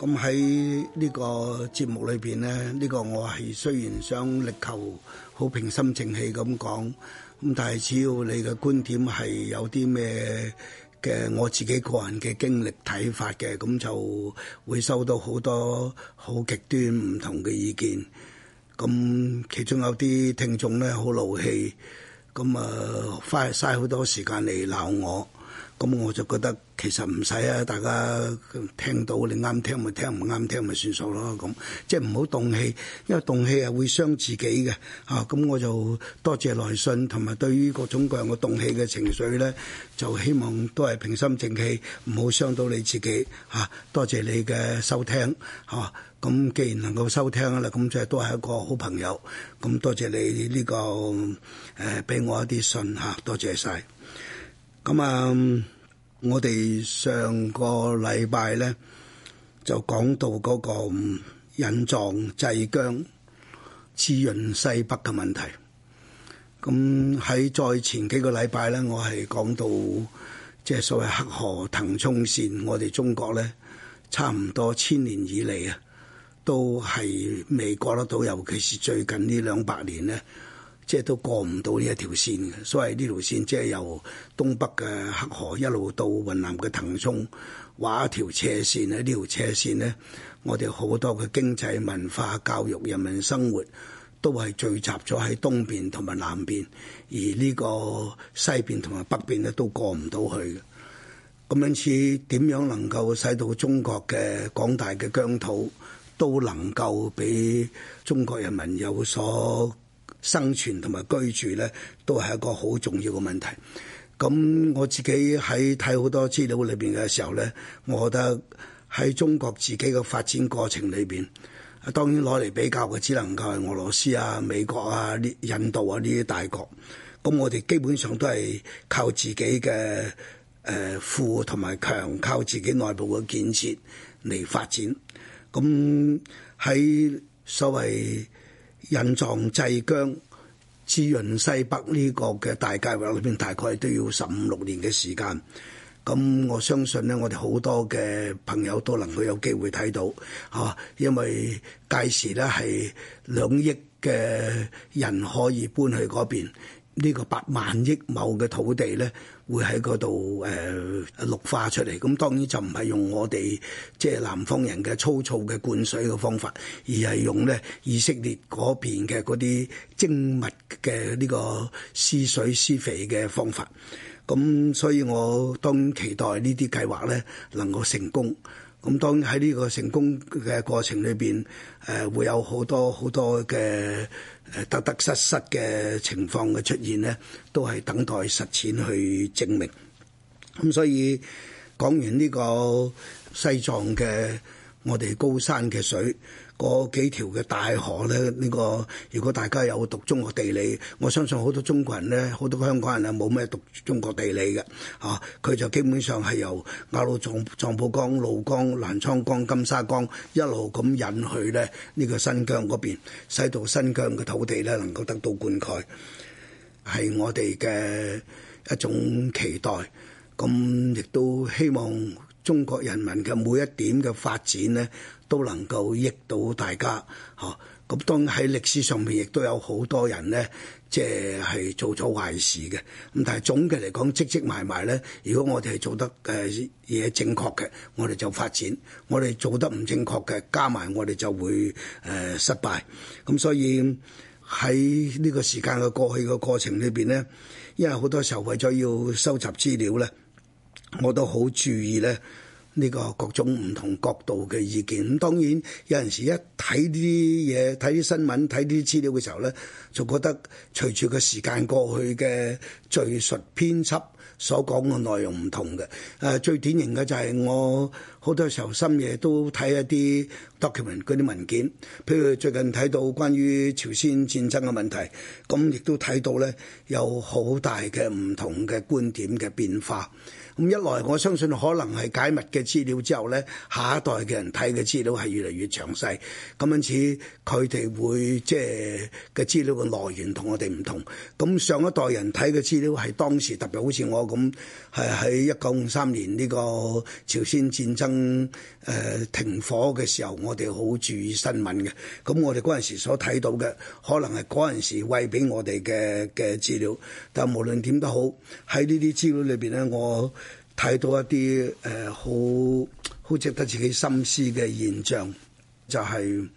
咁喺呢個節目裏邊呢，呢、呢個我係雖然想力求好平心靜氣咁講，咁但係只要你嘅觀點係有啲咩嘅我自己個人嘅經歷睇法嘅，咁就會收到好多好極端唔同嘅意見。咁其中有啲聽眾呢，好怒氣，咁啊花嘥好多時間嚟鬧我。咁我就覺得其實唔使啊，大家聽到你啱聽咪聽，唔啱聽咪算數咯。咁即係唔好動氣，因為動氣係會傷自己嘅。嚇，咁我就多謝來信，同埋對於各種各樣嘅動氣嘅情緒咧，就希望都係平心靜氣，唔好傷到你自己。嚇，多謝你嘅收聽。嚇，咁既然能夠收聽啦，咁就都係一個好朋友。咁多謝你呢、這個誒俾、呃、我一啲信嚇，多謝晒。咁啊，我哋上個禮拜咧就講到嗰個引藏濟疆滋潤西北嘅問題。咁喺再前幾個禮拜咧，我係講到即係、就是、所謂黑河騰沖線，我哋中國咧差唔多千年以嚟啊，都係未過得到，尤其是最近呢兩百年咧。即係都過唔到呢一條線嘅，所以呢條線即係由東北嘅黑河一路到雲南嘅騰沖畫一條斜線咧。呢條斜線咧，我哋好多嘅經濟、文化、教育、人民生活都係聚集咗喺東邊同埋南邊，而呢個西邊同埋北邊咧都過唔到去嘅。咁樣似點樣能夠使到中國嘅廣大嘅疆土都能夠俾中國人民有所生存同埋居住咧，都係一個好重要嘅問題。咁我自己喺睇好多資料裏邊嘅時候咧，我覺得喺中國自己嘅發展過程裏邊，當然攞嚟比較嘅只能夠係俄羅斯啊、美國啊、呢印度啊呢啲大國。咁我哋基本上都係靠自己嘅誒富同埋強，靠自己內部嘅建設嚟發展。咁喺所謂引藏濟疆、滋潤西北呢個嘅大計劃裏邊，大概都要十五六年嘅時間。咁我相信咧，我哋好多嘅朋友都能夠有機會睇到，嚇、啊，因為屆時咧係兩億嘅人可以搬去嗰邊。呢個八萬億畝嘅土地咧，會喺嗰度誒綠化出嚟。咁當然就唔係用我哋即係南方人嘅粗糙嘅灌水嘅方法，而係用咧以色列嗰邊嘅嗰啲精密嘅呢個施水施肥嘅方法。咁所以我當然期待呢啲計劃咧能夠成功。咁當然喺呢個成功嘅過程裏邊，誒會有好多好多嘅得得失失嘅情況嘅出現咧，都係等待實踐去證明。咁所以講完呢個西藏嘅。我哋高山嘅水，嗰幾條嘅大河咧，呢、這個如果大家有讀中國地理，我相信好多中國人咧，好多香港人咧，冇咩讀中國地理嘅，嚇、啊、佢就基本上係由雅魯藏藏布江、怒江、瀾滄江、金沙江一路咁引去咧，呢、這個新疆嗰邊，使到新疆嘅土地咧能夠得到灌溉，係我哋嘅一種期待，咁亦都希望。中國人民嘅每一點嘅發展咧，都能夠益到大家嚇。咁、啊、當喺歷史上面，亦都有好多人咧，即係係做咗壞事嘅。咁但係總嘅嚟講積積埋埋咧，如果我哋係做得誒嘢、呃、正確嘅，我哋就發展；我哋做得唔正確嘅，加埋我哋就會誒、呃、失敗。咁所以喺呢個時間嘅過去嘅過程裏邊咧，因為好多時候為咗要收集資料咧。我都好注意咧，呢、這個各種唔同角度嘅意見。咁當然有陣時一睇啲嘢，睇啲新聞，睇啲資料嘅時候咧，就覺得隨住個時間過去嘅敘述編輯所講嘅內容唔同嘅。誒、啊，最典型嘅就係我好多時候深夜都睇一啲 document 嗰啲文件，譬如最近睇到關於朝鮮戰爭嘅問題，咁亦都睇到咧有好大嘅唔同嘅觀點嘅變化。咁一來，我相信可能係解密嘅資料之後咧，下一代嘅人睇嘅資料係越嚟越詳細。咁因此，佢哋會即係嘅資料嘅來源同我哋唔同。咁上一代人睇嘅資料係當時特別好，好似我咁係喺一九五三年呢個朝鮮戰爭誒、呃、停火嘅時候，我哋好注意新聞嘅。咁我哋嗰陣時所睇到嘅，可能係嗰陣時餵俾我哋嘅嘅資料。但無論點都好，喺呢啲資料裏邊咧，我睇到一啲誒，好好值得自己深思嘅現象，就係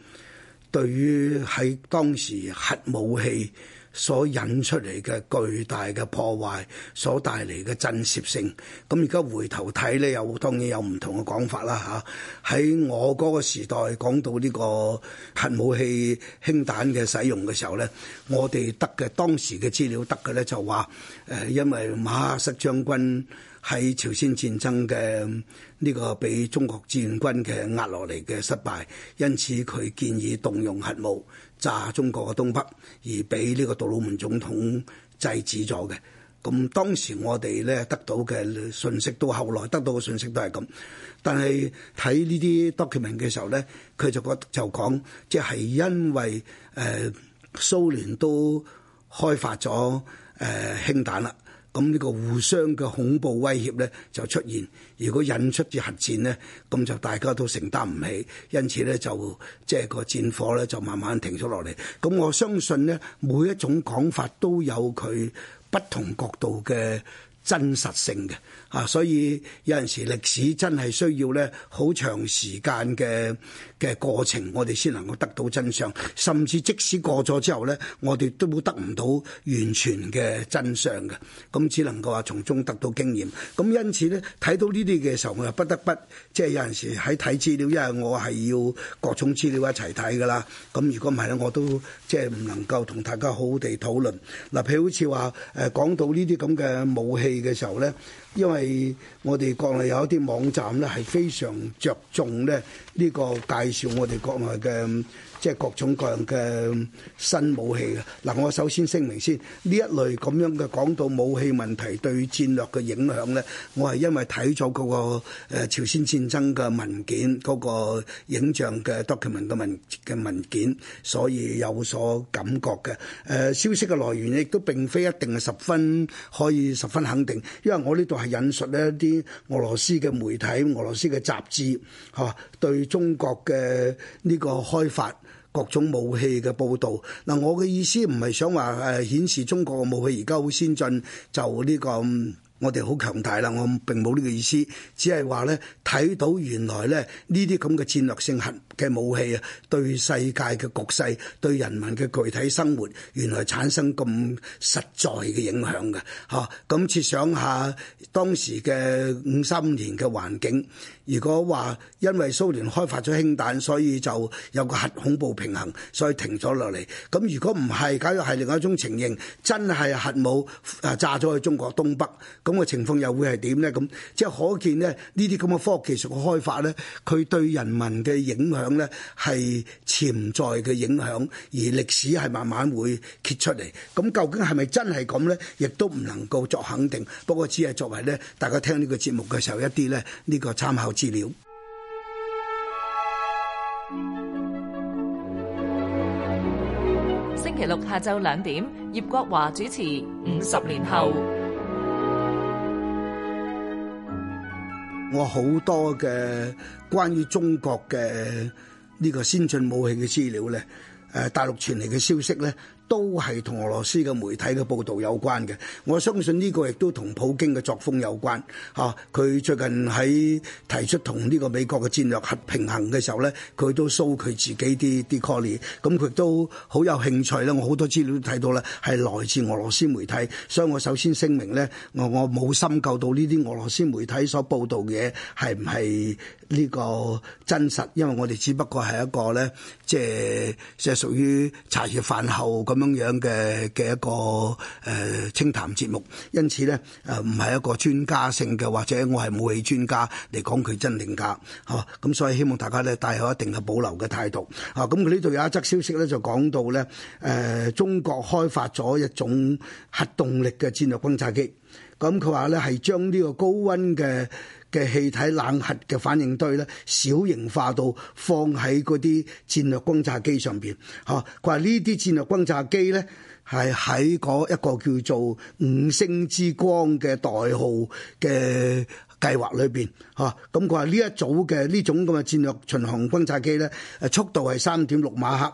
對於喺當時核武器所引出嚟嘅巨大嘅破壞所帶嚟嘅震懾性。咁而家回頭睇咧，有當然有唔同嘅講法啦吓，喺我嗰個時代講到呢個核武器氫彈嘅使用嘅時候咧，我哋得嘅當時嘅資料得嘅咧，就話誒，因為麥克阿瑟將軍。喺朝鮮戰爭嘅呢個俾中國志願軍嘅壓落嚟嘅失敗，因此佢建議動用核武炸中國嘅東北，而俾呢個杜魯門總統制止咗嘅。咁當時我，我哋咧得到嘅信息，到後來得到嘅信息都係咁。但係睇呢啲 document 嘅時候咧，佢就覺就講即係因為誒、呃、蘇聯都開發咗誒、呃、氫彈啦。咁呢個互相嘅恐怖威脅咧就出現，如果引出支核戰咧，咁就大家都承擔唔起，因此咧就即係、就是、個戰火咧就慢慢停咗落嚟。咁我相信咧，每一種講法都有佢不同角度嘅。真實性嘅啊，所以有陣時歷史真係需要咧好長時間嘅嘅過程，我哋先能夠得到真相。甚至即使過咗之後咧，我哋都得唔到完全嘅真相嘅。咁只能夠話從中得到經驗。咁因此咧，睇到呢啲嘅時候，我又不得不即係、就是、有陣時喺睇資料，因為我係要各種資料一齊睇噶啦。咁如果唔係咧，我都即係唔能夠同大家好好哋討論嗱，譬如好似話誒講到呢啲咁嘅武器。嘅時候咧。因為我哋國內有一啲網站咧，係非常着重咧呢個介紹我哋國內嘅即係各種各樣嘅新武器嘅。嗱，我首先聲明先，呢一類咁樣嘅講到武器問題對戰略嘅影響咧，我係因為睇咗嗰個誒朝鮮戰爭嘅文件，嗰個影像嘅 document 嘅文嘅文件，所以有所感覺嘅。誒，消息嘅來源亦都並非一定係十分可以十分肯定，因為我呢度係。引述呢一啲俄羅斯嘅媒體、俄羅斯嘅雜誌嚇，對中國嘅呢個開發各種武器嘅報導。嗱，我嘅意思唔係想話誒顯示中國嘅武器而家好先進，就呢個。我哋好強大啦！我並冇呢個意思，只係話呢睇到原來呢呢啲咁嘅戰略性核嘅武器啊，對世界嘅局勢、對人民嘅具體生活，原來產生咁實在嘅影響㗎吓。咁設想下當時嘅五三年嘅環境。如果話因為蘇聯開發咗氫彈，所以就有個核恐怖平衡，所以停咗落嚟。咁如果唔係假如係另外一種情形，真係核武啊炸咗去中國東北，咁個情況又會係點咧？咁即係可見咧，呢啲咁嘅科學技術嘅開發咧，佢對人民嘅影響咧係潛在嘅影響，而歷史係慢慢會揭出嚟。咁究竟係咪真係咁咧？亦都唔能夠作肯定。不過只係作為咧，大家聽呢個節目嘅時候一啲咧，呢個參考。資料。星期六下晝兩點，葉國華主持《五十年後》。我好多嘅關於中國嘅呢個先進武器嘅資料咧，誒，大陸傳嚟嘅消息咧。都係同俄羅斯嘅媒體嘅報道有關嘅，我相信呢個亦都同普京嘅作風有關吓，佢最近喺提出同呢個美國嘅戰略核平衡嘅時候咧，佢都 show 佢自己啲啲 call 咁佢都好有興趣咧，我好多資料都睇到咧，係來自俄羅斯媒體，所以我首先聲明咧，我我冇深究到呢啲俄羅斯媒體所報道嘅嘢係唔係呢個真實，因為我哋只不過係一個咧，即係即係屬於茶餘飯後。咁樣樣嘅嘅一個誒、呃、清談節目，因此咧誒唔係一個專家性嘅，或者我係武器專家嚟講佢真定假嚇，咁、哦嗯、所以希望大家咧帶有一定嘅保留嘅態度嚇。咁佢呢度有一則消息咧，就講到咧誒、呃、中國開發咗一種核動力嘅戰略轟炸機，咁佢話咧係將呢個高溫嘅。嘅氣體冷核嘅反應堆咧，小型化到放喺嗰啲戰略轟炸機上邊吓，佢、啊、話，呢啲戰略轟炸機咧，係喺嗰一個叫做五星之光嘅代號嘅。啊計劃裏邊嚇，咁佢話呢一組嘅呢種咁嘅戰略巡航轟炸機咧、啊，速度係三點六馬赫，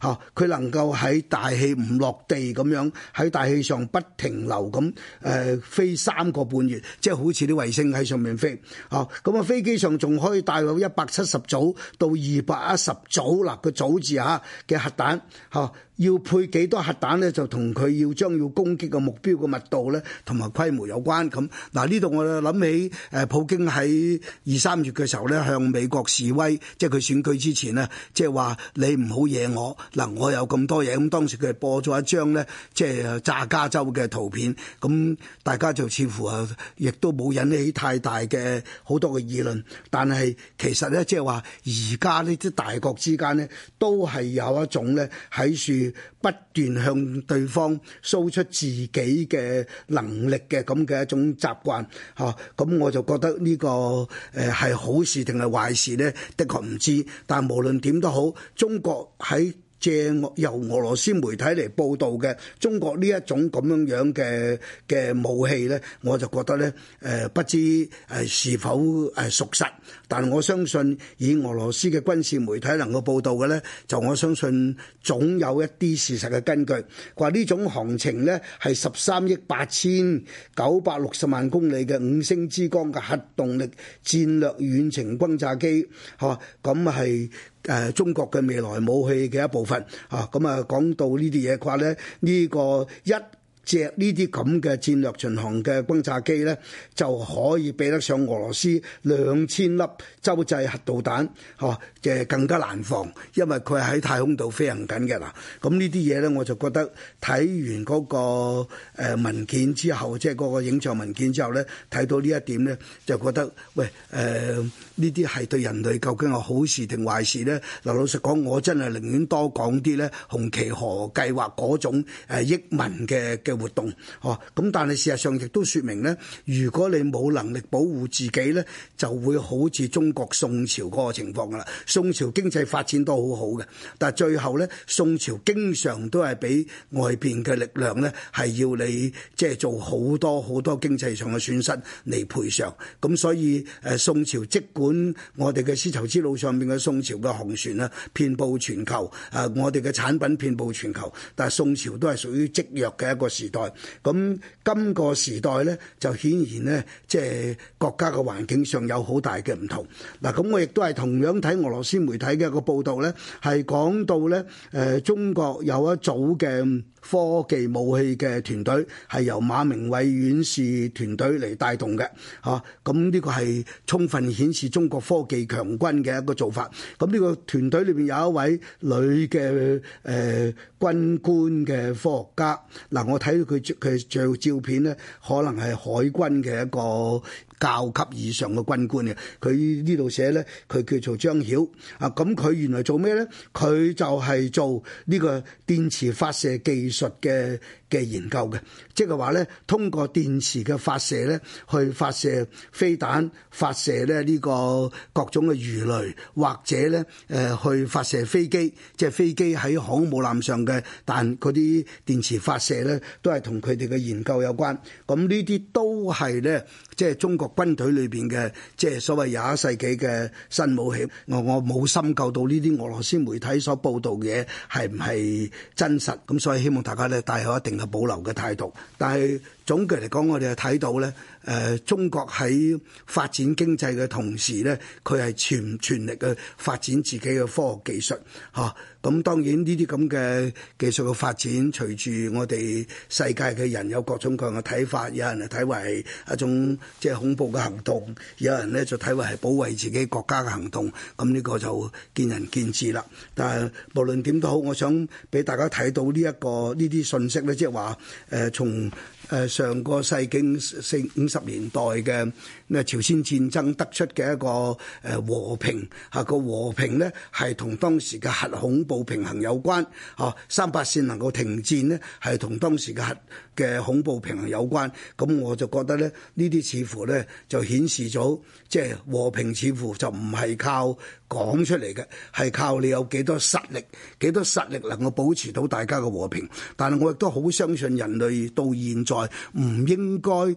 嚇、啊，佢能夠喺大氣唔落地咁樣喺大氣上不停留，咁誒、呃、飛三個半月，即係好似啲衛星喺上面飛嚇，咁啊，啊飛機上仲可以帶到一百七十組到二百一十組啦個、啊、組字嚇嘅、啊、核彈嚇。啊要配幾多核彈呢？就同佢要將要攻擊嘅目標嘅密度咧，同埋規模有關咁。嗱，呢、啊、度我諗起誒，普京喺二三月嘅時候咧，向美國示威，即係佢選舉之前呢，即係話你唔好惹我。嗱、啊，我有咁多嘢。咁、嗯、當時佢播咗一張咧，即係炸加州嘅圖片。咁、嗯、大家就似乎啊，亦都冇引起太大嘅好多嘅議論。但係其實咧，即係話而家呢啲大國之間呢，都係有一種咧喺樹。不斷向對方輸出自己嘅能力嘅咁嘅一種習慣。吓，咁我就覺得呢個誒係好事定係壞事咧？的確唔知，但無論點都好，中國喺。借由俄羅斯媒體嚟報道嘅中國呢一種咁樣樣嘅嘅武器呢，我就覺得呢，誒不知誒是否誒屬實，但我相信以俄羅斯嘅軍事媒體能夠報道嘅呢，就我相信總有一啲事實嘅根據。佢話呢種航程呢，係十三億八千九百六十萬公里嘅五星之光嘅核動力戰略遠程轟炸機，嚇咁係。誒、嗯，中國嘅未來武器嘅一部分啊，咁啊講到呢啲嘢嘅話咧，呢、這個一。藉呢啲咁嘅戰略巡航嘅轟炸機咧，就可以比得上俄羅斯兩千粒洲際核導彈，嚇，即係更加難防，因為佢係喺太空度飛行緊嘅嗱。咁呢啲嘢咧，我就覺得睇完嗰個誒文件之後，即係嗰個影像文件之後咧，睇到呢一點咧，就覺得喂誒，呢啲係對人類究竟係好事定壞事咧？嗱，老實講，我真係寧願多講啲咧，紅旗河計劃嗰種誒益民嘅嘅活動哦，咁、啊、但係事實上亦都說明咧，如果你冇能力保護自己咧，就會好似中國宋朝嗰個情況噶啦。宋朝經濟發展都好好嘅，但係最後咧，宋朝經常都係俾外邊嘅力量咧，係要你即係、就是、做好多好多經濟上嘅損失嚟賠償，咁所以誒、呃、宋朝即管我哋嘅絲綢之路上面嘅宋朝嘅航船啊，遍佈全球，誒、啊、我哋嘅產品遍布全球，但係宋朝都係屬於積弱嘅一個時。時代咁，今個時代咧就顯然咧，即係國家嘅環境上有好大嘅唔同。嗱，咁我亦都係同樣睇俄羅斯媒體嘅一個報導咧，係講到咧，誒中國有一組嘅科技武器嘅團隊係由馬明偉院士團隊嚟帶動嘅，嚇。咁呢個係充分顯示中國科技強軍嘅一個做法。咁呢個團隊裏邊有一位女嘅誒軍官嘅科學家。嗱，我睇。佢佢照照片咧，可能係海軍嘅一個。教級以上嘅軍官嘅，佢呢度寫呢，佢叫做張曉啊。咁、啊、佢原來做咩呢？佢就係做呢個電磁發射技術嘅嘅研究嘅，即係話呢，通過電磁嘅發射呢，去發射飛彈、發射呢，呢個各種嘅魚雷，或者呢，誒、呃、去發射飛機，即、就、係、是、飛機喺航母艦上嘅，但嗰啲電磁發射呢，都係同佢哋嘅研究有關。咁呢啲都係呢。即係中國軍隊裏邊嘅，即係所謂廿一世紀嘅新武器。我我冇深究到呢啲俄羅斯媒體所報道嘅嘢係唔係真實，咁所以希望大家咧帶有一定嘅保留嘅態度。但係，總嘅嚟講，我哋係睇到咧，誒、呃、中國喺發展經濟嘅同時咧，佢係全全力嘅發展自己嘅科學技術，嚇、啊。咁當然呢啲咁嘅技術嘅發展，隨住我哋世界嘅人有各種各樣嘅睇法，有人係睇為一種即係、就是、恐怖嘅行動，有人咧就睇為係保衞自己國家嘅行動。咁呢個就見仁見智啦。但係無論點都好，我想俾大家睇到呢、這、一個呢啲信息咧，即係話誒從。誒，上個世紀四五十年代嘅。咩朝鮮戰爭得出嘅一個誒和平嚇個和平咧，係同當時嘅核恐怖平衡有關啊，三八線能夠停戰咧，係同當時嘅核嘅恐怖平衡有關，咁我就覺得咧，呢啲似乎咧就顯示咗，即係和平似乎就唔係靠講出嚟嘅，係靠你有幾多實力，幾多實力能夠保持到大家嘅和平。但係我亦都好相信人類到現在唔應該誒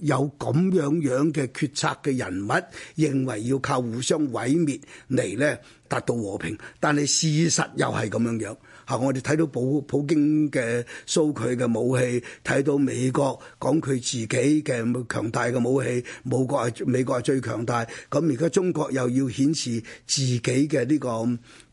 有咁樣樣。嘅決策嘅人物認為要靠互相毀滅嚟咧達到和平，但係事實又係咁樣樣。嚇，我哋睇到普普京嘅 show 佢嘅武器，睇到美國講佢自己嘅強大嘅武器，美國係美國係最強大。咁而家中國又要顯示自己嘅呢個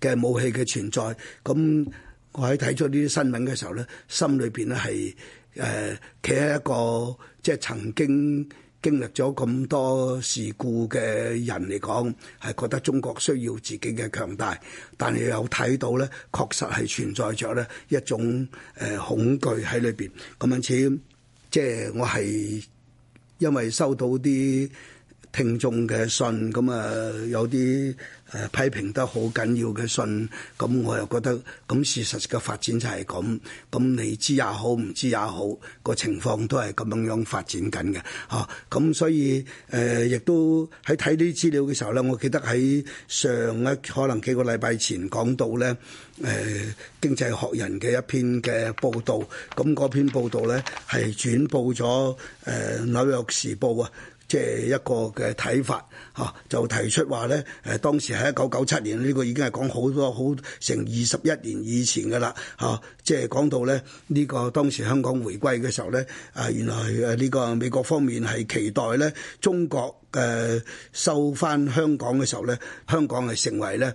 嘅武器嘅存在。咁我喺睇咗呢啲新聞嘅時候咧，心裏邊咧係誒企喺一個即係曾經。經歷咗咁多事故嘅人嚟講，係覺得中國需要自己嘅強大，但係又睇到咧，確實係存在着咧一種誒恐懼喺裏邊。咁樣似，即係我係因為收到啲。聽眾嘅信咁啊，有啲誒批評得好緊要嘅信，咁我又覺得咁事實嘅發展就係咁，咁你知也好，唔知也好，個情況都係咁樣樣發展緊嘅嚇。咁所以誒，亦、呃、都喺睇呢啲資料嘅時候咧，我記得喺上一可能幾個禮拜前講到咧誒、呃、經濟學人嘅一篇嘅報道，咁嗰篇報道咧係轉報咗誒、呃、紐約時報啊。嘅一個嘅睇法吓，就提出話咧，誒當時喺一九九七年，呢、這個已經係講好多好成二十一年以前噶啦吓。即係講到咧，呢個當時香港回歸嘅時候咧，啊原來誒呢個美國方面係期待咧，中國誒收返香港嘅時候咧，香港係成為咧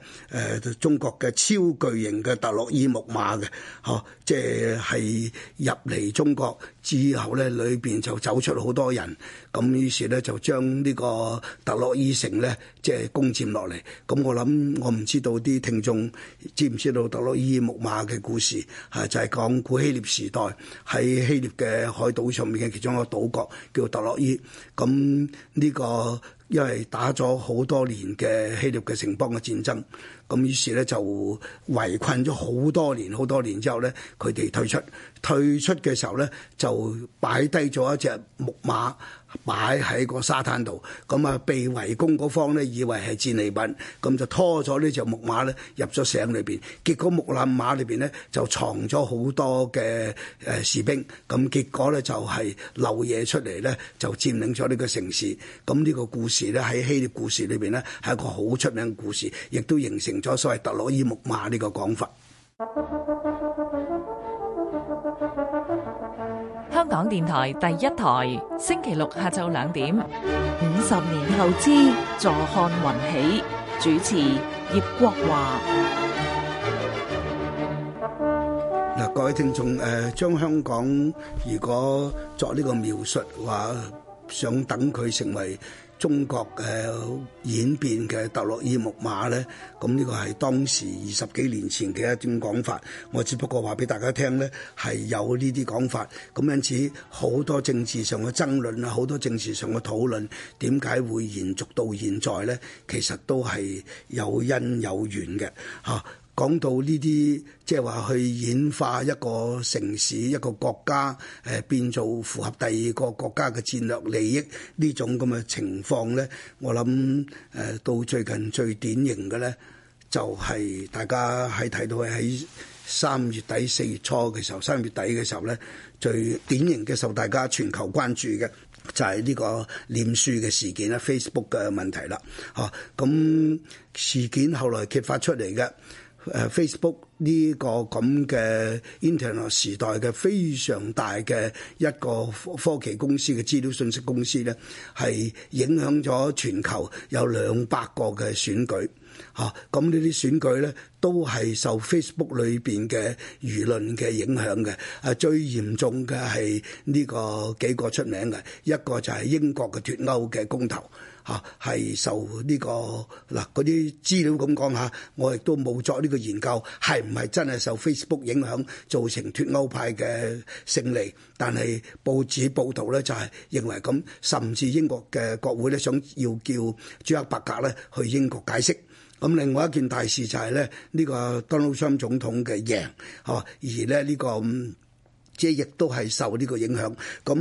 誒中國嘅超巨型嘅特洛伊木馬嘅，呵，即係入嚟中國之後咧，裏邊就走出好多人，咁於是咧就將呢個特洛伊城咧。即係攻佔落嚟，咁我諗我唔知道啲聽眾知唔知道特洛伊木馬嘅故事，啊就係講古希臘時代喺希臘嘅海島上面嘅其中一個島國叫特洛伊，咁呢個因為打咗好多年嘅希臘嘅城邦嘅戰爭，咁於是咧就圍困咗好多年，好多年之後咧佢哋退出，退出嘅時候咧就擺低咗一隻木馬。擺喺個沙灘度，咁啊被圍攻嗰方呢，以為係戰利品，咁就拖咗呢隻木馬咧入咗城裏邊。結果木馬裏邊呢，就藏咗好多嘅誒士兵，咁結果呢，就係漏嘢出嚟呢，就佔領咗呢個城市。咁呢個故事呢，喺希臘故事裏邊呢，係一個好出名嘅故事，亦都形成咗所謂特洛伊木馬呢個講法。港電台第一台，星期六下晝兩點。五十年後之坐看雲起。主持葉國華。嗱，各位聽眾，誒，將香港如果作呢個描述，話想等佢成為。中國嘅演變嘅特洛伊木馬咧，咁呢個係當時二十幾年前嘅一種講法，我只不過話俾大家聽咧係有呢啲講法，咁因此好多政治上嘅爭論啊，好多政治上嘅討論，點解會延續到現在咧？其實都係有因有緣嘅嚇。講到呢啲即係話去演化一個城市、一個國家，誒變做符合第二個國家嘅戰略利益呢種咁嘅情況咧，我諗誒到最近最典型嘅咧，就係大家喺睇到喺三月底四月初嘅時候，三月底嘅時候咧，最典型嘅受大家全球關注嘅就係、是、呢個臉書嘅事件啦，Facebook 嘅問題啦，嚇咁事件後來揭發出嚟嘅。誒 Facebook 呢個咁嘅 Internet 時代嘅非常大嘅一個科技公司嘅資料信息公司咧，係影響咗全球有兩百個嘅選舉嚇。咁呢啲選舉咧，都係受 Facebook 裏邊嘅輿論嘅影響嘅。誒、啊、最嚴重嘅係呢個幾個出名嘅，一個就係英國嘅脱歐嘅公投。嚇係、啊、受呢、這個嗱嗰啲資料咁講嚇，我亦都冇作呢個研究係唔係真係受 Facebook 影響造成脱歐派嘅勝利？但係報紙報道咧就係、是、認為咁，甚至英國嘅國會咧想要叫朱克伯格咧去英國解釋。咁另外一件大事就係咧呢、這個 Donald Trump 總統嘅贏嚇、啊，而咧呢、這個、嗯即亦都係受呢個影響，咁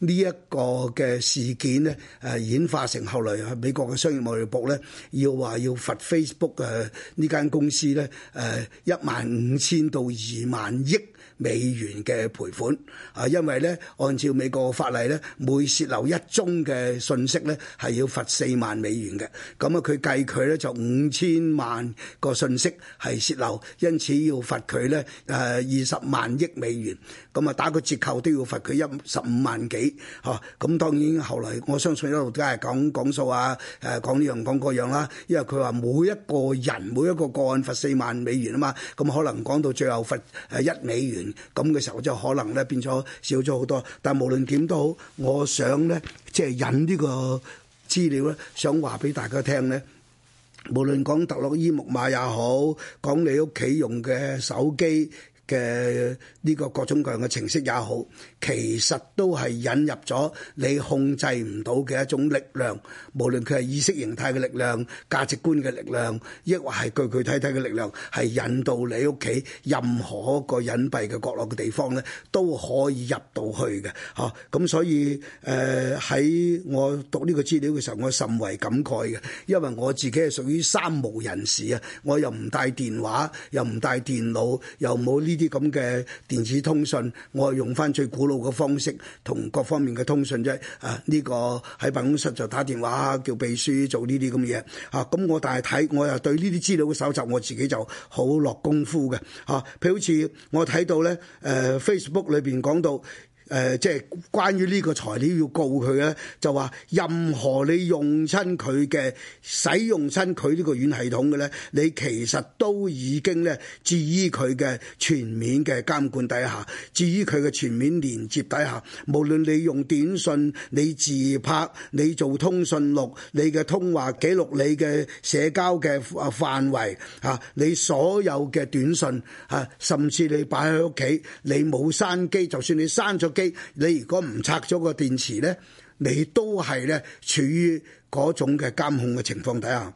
呢一個嘅事件咧，誒演化成後來美國嘅商業貿易部咧，要話要罰 Facebook 誒呢間公司咧，誒一萬五千到二萬億。美元嘅賠款，啊，因為咧，按照美國法例咧，每泄露一宗嘅信息咧，係要罰四萬美元嘅。咁啊，佢計佢咧就五千萬個信息係泄露，因此要罰佢咧誒二十萬億美元。咁啊，打個折扣都要罰佢一十五萬幾嚇。咁啊，當然後來我相信一路都係講講數啊，誒講呢樣講嗰樣啦。因為佢話每一個人每一個個案罰四萬美元啊嘛，咁可能講到最後罰誒一美元。咁嘅時候就可能咧變咗少咗好多，但係無論點都好，我想咧即係引呢個資料咧，想話俾大家聽咧，無論講特洛伊木馬也好，講你屋企用嘅手機嘅呢個各種各樣嘅程式也好，其實都係引入咗你控制唔到嘅一種力量，無論佢係意識形態嘅力量、價值觀嘅力量，抑或係具具體體嘅力量，係引到你屋企任何一個隱蔽嘅角落嘅地方咧，都可以入到去嘅。吓、啊，咁所以誒喺、呃、我讀呢個資料嘅時候，我甚為感慨嘅，因為我自己係屬於三無人士啊，我又唔帶電話又唔帶電腦又冇呢。呢啲咁嘅電子通訊，我係用翻最古老嘅方式同各方面嘅通訊啫。啊，呢個喺辦公室就打電話叫秘書做呢啲咁嘅嘢。啊，咁我大係睇我又對呢啲資料嘅搜集，我自己就好落功夫嘅。啊，譬如好似我睇到咧，誒、呃、Facebook 裏邊講到。誒即係關於呢個材料要告佢咧，就話任何你用親佢嘅使用親佢呢個軟係統嘅咧，你其實都已經咧，置於佢嘅全面嘅監管底下，置於佢嘅全面連接底下。無論你用短信、你自拍、你做通訊錄、你嘅通話記錄、你嘅社交嘅啊範圍啊、你所有嘅短信啊，甚至你擺喺屋企，你冇閂機，就算你閂咗。你如果唔拆咗個電池咧，你都係咧處於嗰種嘅監控嘅情況底下。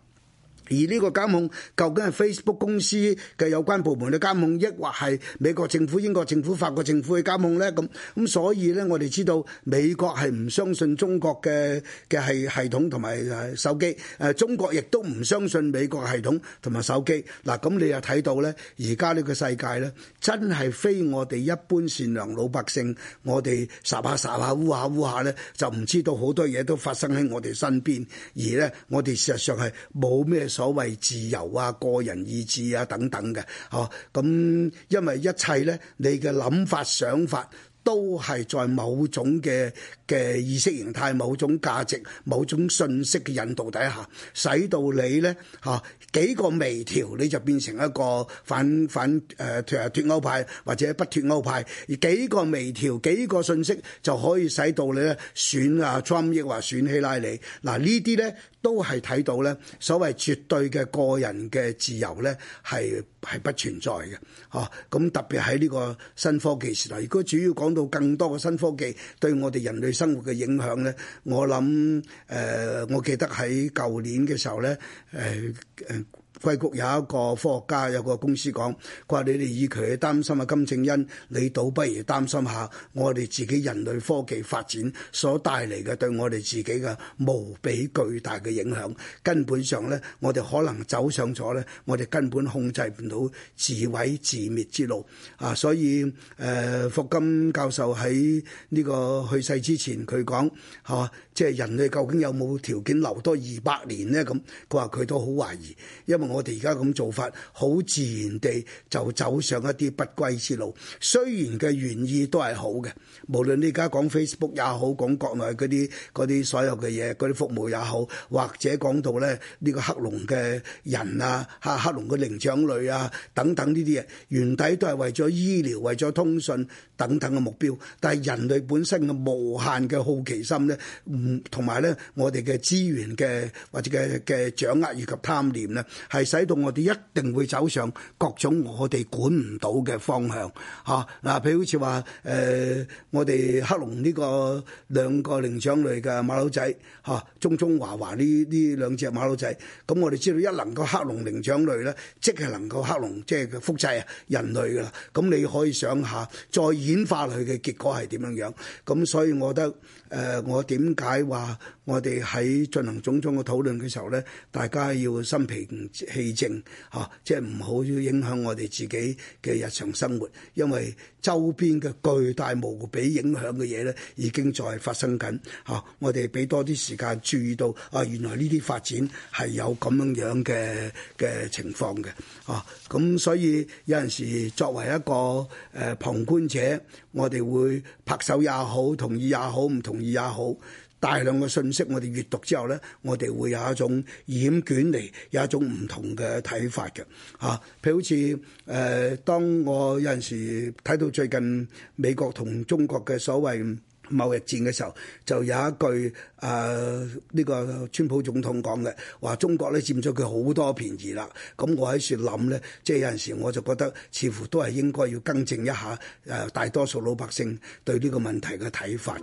而呢個監控究竟係 Facebook 公司嘅有關部門嘅監控，抑或係美國政府、英國政府、法國政府嘅監控咧咁咁，所以咧我哋知道美國係唔相信中國嘅嘅係系統同埋誒，手機，誒中國亦都唔相信美國系統同埋手機。嗱咁你又睇到咧，而家呢個世界咧真係非我哋一般善良老百姓，我哋撒下撒下烏下烏下咧，就唔知道好多嘢都發生喺我哋身邊，而咧我哋事實上係冇咩。所謂自由啊、個人意志啊等等嘅，嚇、啊、咁，因為一切咧，你嘅諗法、想法都係在某種嘅嘅意識形態、某種價值、某種信息嘅引導底下，使到你咧嚇、啊、幾個微調你就變成一個反反誒脱、呃、脱歐派或者不脱歐派，而幾個微調、幾個信息就可以使到你咧選啊 Trump 或選希拉里。嗱、啊、呢啲咧。都係睇到咧，所謂絕對嘅個人嘅自由咧，係係不存在嘅，嚇、啊。咁特別喺呢個新科技時代，如果主要講到更多嘅新科技對我哋人類生活嘅影響咧，我諗誒、呃，我記得喺舊年嘅時候咧，誒、呃。呃硅谷有一個科學家，有個公司講，佢話你哋以佢擔心啊金正恩，你倒不如擔心下我哋自己人類科技發展所帶嚟嘅對我哋自己嘅無比巨大嘅影響。根本上咧，我哋可能走上咗咧，我哋根本控制唔到自毀自滅之路啊！所以誒，霍金教授喺呢個去世之前，佢講嚇，即係人類究竟有冇條件留多二百年咧？咁佢話佢都好懷疑，因為。我哋而家咁做法，好自然地就走上一啲不歸之路。雖然嘅原意都係好嘅，無論你而家講 Facebook 也好，講國內嗰啲嗰啲所有嘅嘢，嗰啲服務也好，或者講到咧呢個黑龍嘅人啊，吓黑龍嘅靈長類啊等等呢啲嘢，原底都係為咗醫療為咗通訊等等嘅目標，但係人類本身嘅無限嘅好奇心咧，嗯，同埋咧我哋嘅資源嘅或者嘅嘅掌握以及貪念咧，係。係使到我哋一定會走上各種我哋管唔到嘅方向，吓、啊、嗱，譬如好似話誒，我哋克隆呢個兩個靈長類嘅馬騮仔，吓、啊，中中華華呢呢兩隻馬騮仔，咁我哋知道一能夠克隆靈長類咧，即係能夠克隆即係複製啊人類噶啦，咁你可以想下再演化佢嘅結果係點樣樣，咁所以我覺得。誒、呃、我點解話我哋喺進行種種嘅討論嘅時候咧，大家要心平氣靜吓，即係唔好影響我哋自己嘅日常生活，因為周邊嘅巨大無比影響嘅嘢咧，已經在發生緊吓、啊，我哋俾多啲時間注意到，啊，原來呢啲發展係有咁樣樣嘅嘅情況嘅，啊咁所以有陣時作為一個誒、呃、旁觀者，我哋會拍手也好，同意也好，唔同。也好，大量嘅信息我哋閱讀之後咧，我哋會有一種掩卷嚟，有一種唔同嘅睇法嘅。吓、啊。譬如好似誒、呃，當我有陣時睇到最近美國同中國嘅所謂貿易戰嘅時候，就有一句誒呢、呃呢個川普總統講嘅，話中國咧佔咗佢好多便宜啦。咁我喺度諗咧，即係有陣時我就覺得似乎都係應該要更正一下誒，大多數老百姓對呢個問題嘅睇法。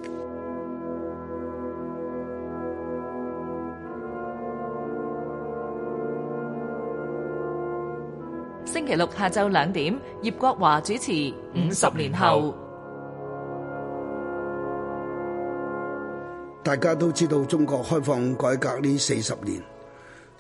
星期六下晝兩點，葉國華主持《五十年後》。大家都知道中國開放改革呢四十年，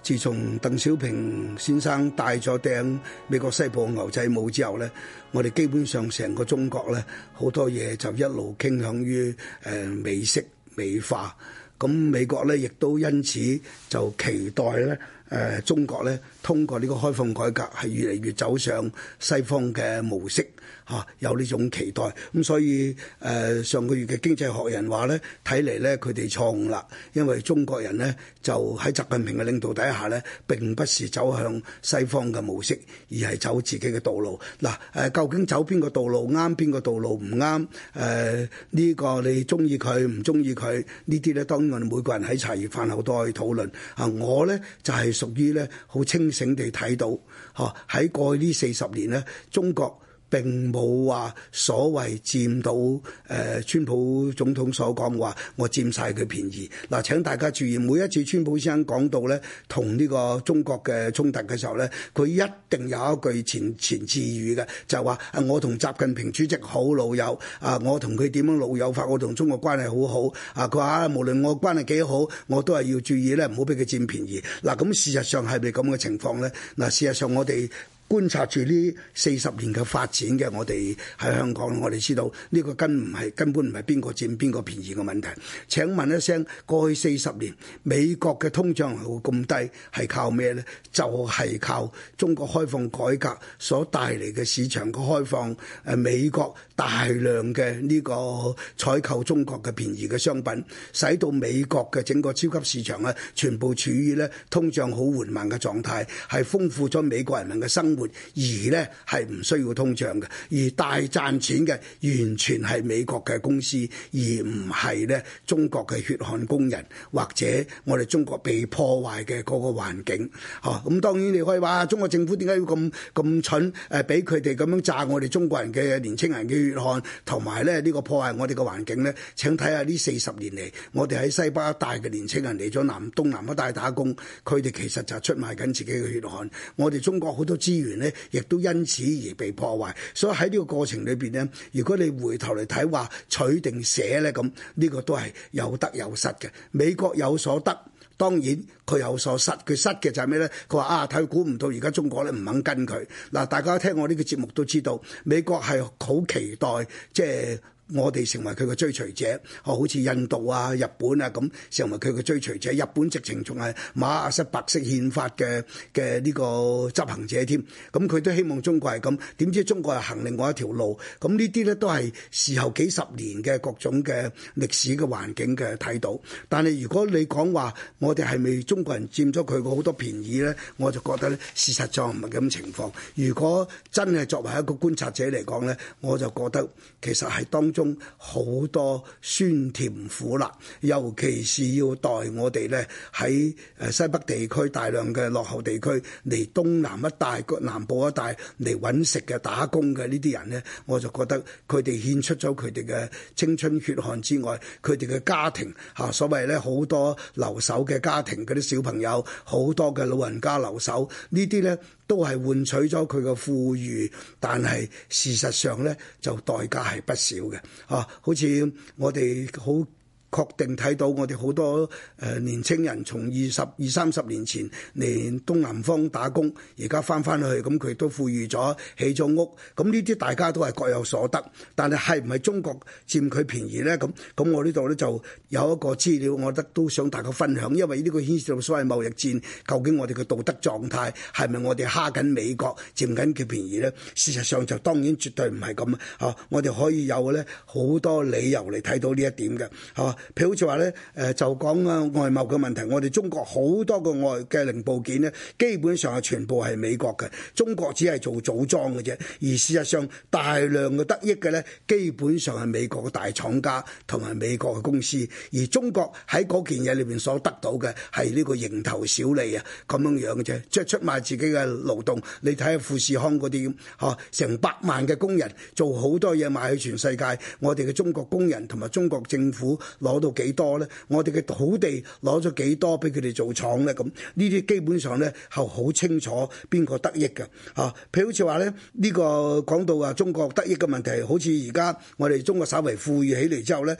自從鄧小平先生戴咗頂美國西部牛仔帽之後咧，我哋基本上成個中國咧好多嘢就一路傾向於誒美式美化，咁美國咧亦都因此就期待咧誒中國咧。通過呢個開放改革係越嚟越走上西方嘅模式，嚇有呢種期待。咁所以誒、呃、上個月嘅經濟學人話咧，睇嚟咧佢哋錯誤啦，因為中國人咧就喺習近平嘅領導底下咧，並不是走向西方嘅模式，而係走自己嘅道路。嗱、呃、誒，究竟走邊個道路啱，邊個道路唔啱？誒、呃、呢、這個你中意佢唔中意佢呢啲咧，當然我哋每個人喺茶餘飯後都可以討論。啊、呃，我咧就係、是、屬於咧好清。請哋睇到，吓喺過去呢四十年咧，中國。並冇話所謂佔到誒、呃、川普總統所講話我佔晒佢便宜嗱、呃。請大家注意，每一次川普先生講到咧同呢個中國嘅衝突嘅時候咧，佢一定有一句前前置語嘅，就話、係、啊我同習近平主席好老友啊，我同佢點樣老友法，我同中國關係好好啊。佢話、啊、無論我關係幾好，我都係要注意咧，唔好俾佢佔便宜。嗱、呃，咁事實上係咪咁嘅情況咧？嗱、呃，事實上我哋。觀察住呢四十年嘅發展嘅，我哋喺香港，我哋知道呢個根唔係根本唔係邊個佔邊個便宜嘅問題，請問一聲過去四十年美國嘅通脹係會咁低，係靠咩咧？就係靠中國開放改革所帶嚟嘅市場嘅開放，誒，美國大量嘅呢個採購中國嘅便宜嘅商品，使到美國嘅整個超級市場啊，全部處於咧通脹好緩慢嘅狀態，係豐富咗美國人民嘅生。而呢，係唔需要通脹嘅，而大賺錢嘅完全係美國嘅公司，而唔係呢中國嘅血汗工人或者我哋中國被破壞嘅嗰個環境。嚇，咁、嗯、當然你可以話中國政府點解要咁咁蠢？誒、啊，俾佢哋咁樣榨我哋中國人嘅年青人嘅血汗，同埋咧呢、呢個破壞我哋嘅環境呢？請睇下呢四十年嚟，我哋喺西北一帶嘅年青人嚟咗南東南一帶打工，佢哋其實就出賣緊自己嘅血汗。我哋中國好多資源。咧亦都因此而被破壞，所以喺呢個過程裏邊咧，如果你回頭嚟睇話取定捨咧，咁呢個都係有得有失嘅。美國有所得，當然佢有所失，佢失嘅就係咩咧？佢話啊，睇佢估唔到而家中國咧唔肯跟佢。嗱，大家聽我呢個節目都知道，美國係好期待即係。我哋成為佢嘅追隨者，啊，好似印度啊、日本啊咁，成為佢嘅追隨者。日本直情仲係麥阿瑟白色憲法嘅嘅呢個執行者添。咁佢都希望中國係咁，點知中國係行另外一條路。咁呢啲咧都係事後幾十年嘅各種嘅歷史嘅環境嘅睇到。但係如果你講話我哋係咪中國人佔咗佢好多便宜咧，我就覺得事實上唔係咁情況。如果真係作為一個觀察者嚟講咧，我就覺得其實係當中好多酸甜苦辣，尤其是要代我哋咧喺誒西北地區大量嘅落後地區嚟東南一帶個南部一帶嚟揾食嘅打工嘅呢啲人咧，我就覺得佢哋獻出咗佢哋嘅青春血汗之外，佢哋嘅家庭吓所謂咧好多留守嘅家庭嗰啲小朋友，好多嘅老人家留守呢啲咧。都係換取咗佢嘅富裕，但係事實上咧就代價係不少嘅，啊，好似我哋好。確定睇到我哋好多誒年青人從二十、二三十年前嚟東南方打工，而家翻翻去，咁佢都富裕咗，起咗屋。咁呢啲大家都係各有所得，但係係唔係中國佔佢便宜呢？咁咁我呢度咧就有一個資料，我覺得都想大家分享，因為呢個牽涉到所謂貿易戰，究竟我哋嘅道德狀態係咪我哋蝦緊美國佔緊佢便宜呢？事實上就當然絕對唔係咁啊！我哋可以有咧好多理由嚟睇到呢一點嘅，嚇。譬如好似話咧，誒就講啊外貿嘅問題，我哋中國好多個外嘅零部件咧，基本上係全部係美國嘅，中國只係做組裝嘅啫。而事實上大量嘅得益嘅咧，基本上係美國嘅大廠家同埋美國嘅公司，而中國喺嗰件嘢裏邊所得到嘅係呢個蠅頭小利啊，咁樣樣嘅啫，即係出賣自己嘅勞動。你睇下富士康嗰啲，咁吓成百萬嘅工人做好多嘢賣去全世界，我哋嘅中國工人同埋中國政府。攞到幾多咧？我哋嘅土地攞咗幾多俾佢哋做廠咧？咁呢啲基本上咧係好清楚邊個得益嘅啊！譬如好似話咧，呢個講到啊，中國得益嘅問題，好似而家我哋中國稍微富裕起嚟之後咧，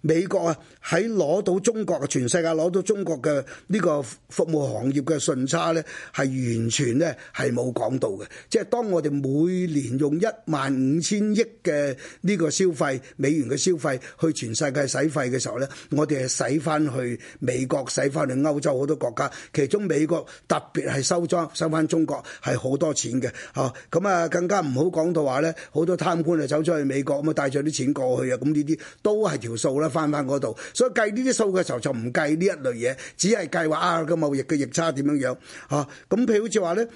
美國啊喺攞到中國嘅全世界攞到中國嘅呢個服務行業嘅順差咧，係完全咧係冇講到嘅。即係當我哋每年用一萬五千億嘅呢個消費美元嘅消費去全世界使。嘅時候咧，我哋係使翻去美國，使翻去歐洲好多國家，其中美國特別係收贓收翻中國係好多錢嘅，吓咁啊更加唔好講到話咧，好多貪官啊走咗去美國咁啊，帶咗啲錢過去啊，咁呢啲都係條數啦，翻翻嗰度，所以計呢啲數嘅時候就唔計呢一類嘢，只係計話啊個貿易嘅逆差點樣樣，吓咁譬如好似話咧。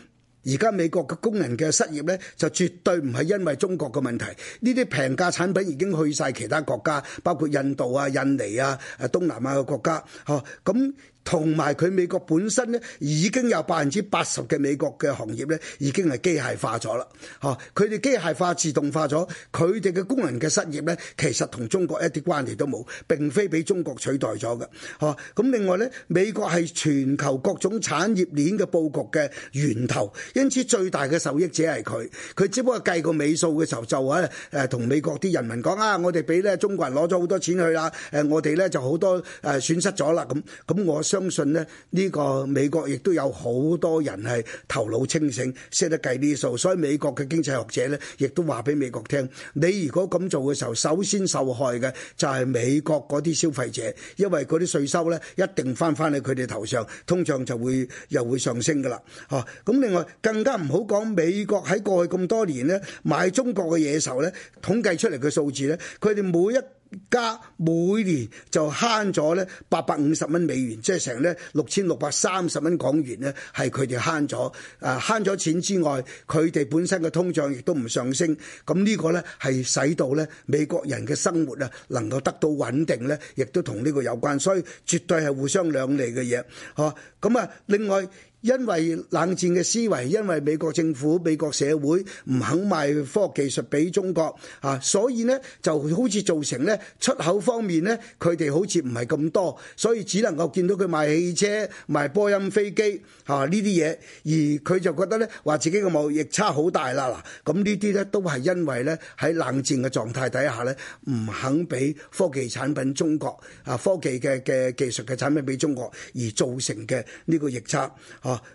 而家美國嘅工人嘅失業咧，就絕對唔係因為中國嘅問題。呢啲平價產品已經去晒其他國家，包括印度啊、印尼啊、誒東南亞嘅國家。嚇咁。同埋佢美國本身咧已經有百分之八十嘅美國嘅行業咧已經係機械化咗啦，吓佢哋機械化自動化咗，佢哋嘅工人嘅失業咧其實同中國一啲關係都冇，並非俾中國取代咗嘅，吓，咁另外咧美國係全球各種產業鏈嘅佈局嘅源頭，因此最大嘅受益者係佢，佢只不過計個尾數嘅時候就話誒同美國啲人民講啊，我哋俾咧中國人攞咗好多錢去啦，誒我哋咧就好多誒損失咗啦咁，咁我。相信呢，呢個美國亦都有好多人係頭腦清醒，識得計啲數，所以美國嘅經濟學者呢，亦都話俾美國聽，你如果咁做嘅時候，首先受害嘅就係美國嗰啲消費者，因為嗰啲稅收呢一定返返喺佢哋頭上，通脹就會又會上升㗎喇。嚇！咁另外更加唔好講美國喺過去咁多年呢買中國嘅嘢時候呢，統計出嚟嘅數字呢，佢哋每一家每年就慳咗咧八百五十蚊美元，即係成咧六千六百三十蚊港元咧，係佢哋慳咗。誒慳咗錢之外，佢哋本身嘅通脹亦都唔上升。咁、這、呢個咧係使到咧美國人嘅生活啊，能夠得到穩定咧，亦都同呢個有關。所以絕對係互相兩利嘅嘢。嚇，咁啊，另外。因為冷戰嘅思維，因為美國政府、美國社會唔肯賣科學技術俾中國啊，所以咧就好似造成咧出口方面咧，佢哋好似唔係咁多，所以只能夠見到佢賣汽車、賣波音飛機啊呢啲嘢，而佢就覺得咧話自己嘅貿易差好大啦，嗱，咁呢啲咧都係因為咧喺冷戰嘅狀態底下咧，唔肯俾科技產品中國啊、科技嘅嘅技術嘅產品俾中國而造成嘅呢個逆差。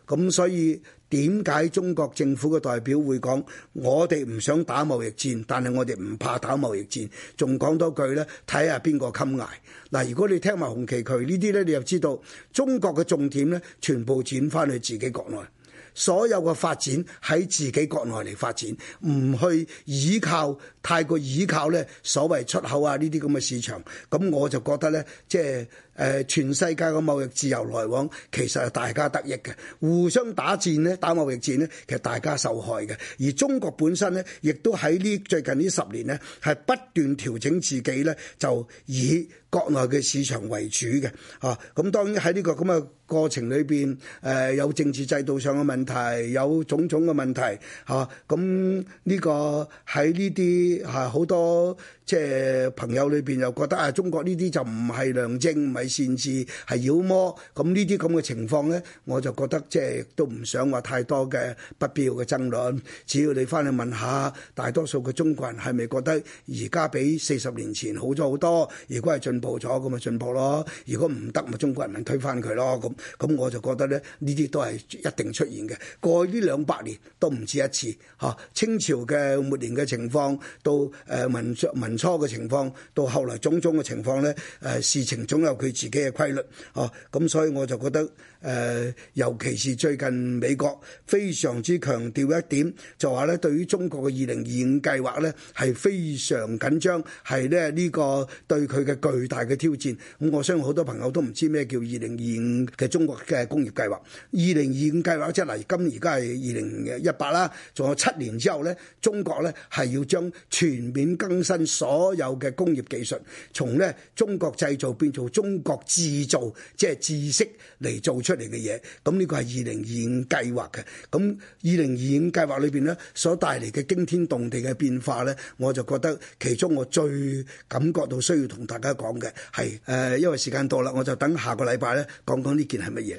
咁、啊、所以點解中國政府嘅代表會講我哋唔想打貿易戰，但係我哋唔怕打貿易戰？仲講多句呢，睇下邊個襟挨嗱。如果你聽埋紅旗渠呢啲呢，你就知道中國嘅重點呢，全部轉翻去自己國內。所有嘅發展喺自己國內嚟發展，唔去依靠，太過依靠呢所謂出口啊呢啲咁嘅市場，咁我就覺得呢，即係呃，全世界嘅貿易自由來往其實係大家得益嘅，互相打戰呢，打貿易戰呢，其實大家受害嘅。而中國本身呢，亦都喺呢最近呢十年呢，係不斷調整自己呢，就以國內嘅市場為主嘅，嚇咁當然喺呢個咁嘅過程裏邊，誒有政治制度上嘅問題，有種種嘅問題，嚇咁呢個喺呢啲嚇好多即係朋友裏邊又覺得啊，中國呢啲就唔係良政，唔係善治，係妖魔。咁呢啲咁嘅情況咧，我就覺得即係都唔想話太多嘅不必要嘅爭論。只要你翻去問下大多數嘅中國人係咪覺得而家比四十年前好咗好多？如果係盡，步咗咁咪進步咯，如果唔得咪中國人民推翻佢咯，咁咁我就覺得咧呢啲都係一定出現嘅，過去呢兩百年都唔止一次嚇。清朝嘅末年嘅情況，到誒民、呃、民初嘅情況，到後來種種嘅情況咧，誒、呃、事情總有佢自己嘅規律哦。咁、啊、所以我就覺得誒、呃，尤其是最近美國非常之強調一點，就話咧對於中國嘅二零二五計劃咧係非常緊張，係咧呢、這個對佢嘅巨大嘅挑戰，咁我相信好多朋友都唔知咩叫二零二五嘅中國嘅工業計劃。二零二五計劃即係嚟，今而家係二零一八啦，仲有七年之後咧，中國咧係要將全面更新所有嘅工業技術，從咧中國製造變做中國製造，即係知識嚟做出嚟嘅嘢。咁呢個係二零二五計劃嘅。咁二零二五計劃裏邊咧，所帶嚟嘅驚天動地嘅變化咧，我就覺得其中我最感覺到需要同大家講。係誒、呃，因為時間到啦，我就等下個禮拜咧，講講呢件係乜嘢。